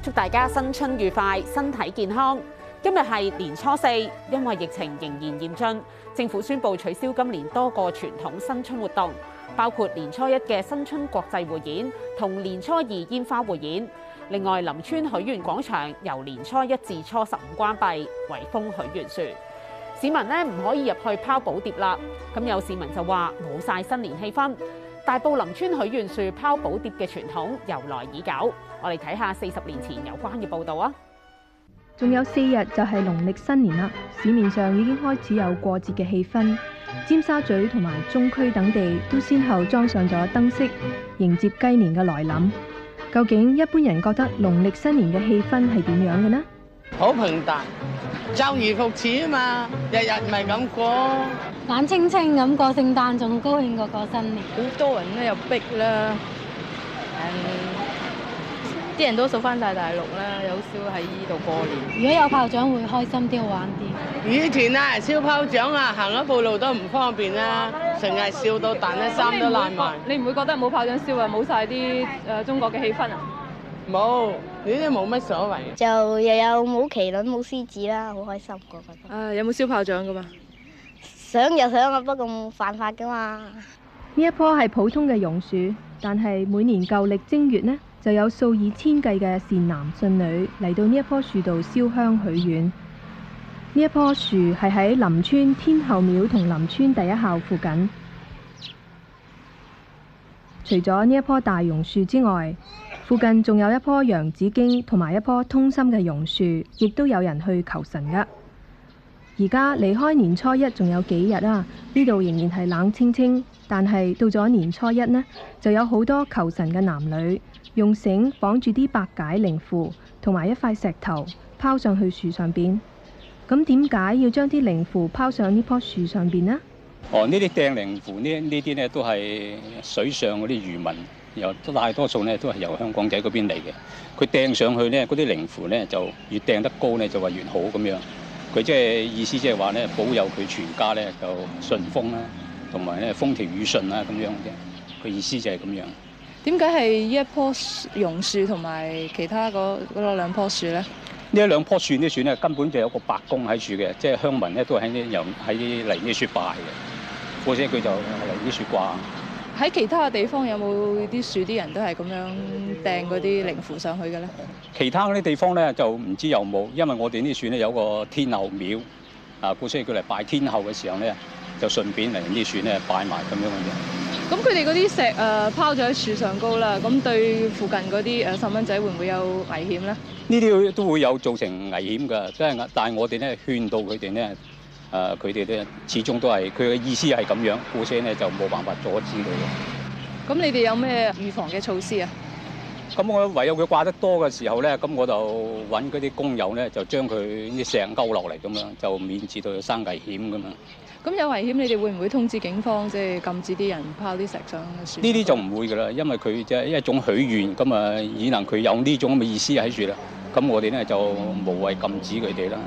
祝大家新春愉快，身體健康。今日係年初四，因為疫情仍然嚴峻，政府宣布取消今年多個傳統新春活動，包括年初一嘅新春國際匯演同年初二煙花匯演。另外，林村許願廣場由年初一至初十五關閉，圍封許願樹，市民呢唔可以入去拋寶牒啦。咁有市民就話冇晒新年氣氛。大埔林村許願樹拋寶牒嘅傳統由來已久，我哋睇下四十年前有關嘅報導啊！仲有四日就係農曆新年啦，市面上已經開始有過節嘅氣氛。尖沙咀同埋中區等地都先後裝上咗燈飾，迎接雞年嘅來臨。究竟一般人覺得農曆新年嘅氣氛係點樣嘅呢？好平淡，周而復始啊嘛，日日咪係咁過，冷清清咁過聖誕，仲高興過過新年。好多人咧，又逼啦，啲人都數翻晒大陸啦，有少喺依度過年。如果有炮仗會開心啲，好玩啲。以前啊，燒炮仗啊，行一步路都唔方便啦，啊，成日笑到彈，衫都爛埋。你唔會，會覺得冇炮仗燒啊，冇晒啲誒中國嘅氣氛啊？冇，你都冇乜所謂。就又有冇麒麟冇獅子啦，好開心我覺得。啊，有冇燒炮仗噶嘛？想又想，不過犯法噶嘛。呢一棵係普通嘅榕樹，但係每年舊曆正月呢，就有數以千計嘅善男信女嚟到呢一棵樹度燒香許願。呢一棵樹係喺林村天后廟同林村第一校附近。除咗呢一棵大榕樹之外，附近仲有一棵洋紫荊同埋一棵通心嘅榕樹，亦都有人去求神噶。而家離開年初一仲有幾日啊，呢度仍然係冷清清。但係到咗年初一呢，就有好多求神嘅男女，用繩綁住啲白解靈符同埋一塊石頭拋上去樹上邊。咁點解要將啲靈符拋上呢棵樹上邊呢？哦，呢啲掟靈符呢，呢啲呢都係水上嗰啲漁民。大多數咧都係由香港仔嗰邊嚟嘅，佢掟上去咧嗰啲靈符咧就越掟得高咧就話越好咁樣，佢即係意思即係話咧保佑佢全家咧就順風啦，同埋咧風調雨順啦咁樣嘅，佢意思就係咁樣。點解係一棵榕樹同埋其他嗰兩棵樹咧？呢兩棵樹呢樹咧根本就有個白公喺樹嘅，即係鄉民咧都係喺呢樣喺呢啲樹拜嘅，或者佢就嚟呢啲樹掛。喺其他嘅地方有冇啲樹啲人都係咁樣掟嗰啲靈符上去嘅咧？其他嗰啲地方咧就唔知有冇，因為我哋呢啲樹咧有個天后廟啊，故此佢嚟拜天后嘅時候咧，就順便嚟呢啲樹咧拜埋咁樣嘅嘢。咁佢哋嗰啲石誒、啊、拋咗喺樹上高啦，咁對附近嗰啲誒細蚊仔會唔會有危險咧？呢啲都會有造成危險㗎，即係但係我哋咧勸導佢哋咧。誒佢哋咧始終都係佢嘅意思係咁樣，故聲咧就冇辦法阻止佢。咁你哋有咩預防嘅措施啊？咁、啊、我唯有佢掛得多嘅時候咧，咁我就揾嗰啲工友咧，就將佢啲石勾落嚟咁樣，就免至到生危險咁啊！咁有危險，你哋會唔會通知警方即係、就是、禁止啲人拋啲石上，呢啲就唔會噶啦，因為佢即係一種許願，咁啊以能佢有呢種咁嘅意思喺住啦。咁我哋咧就無謂禁止佢哋啦。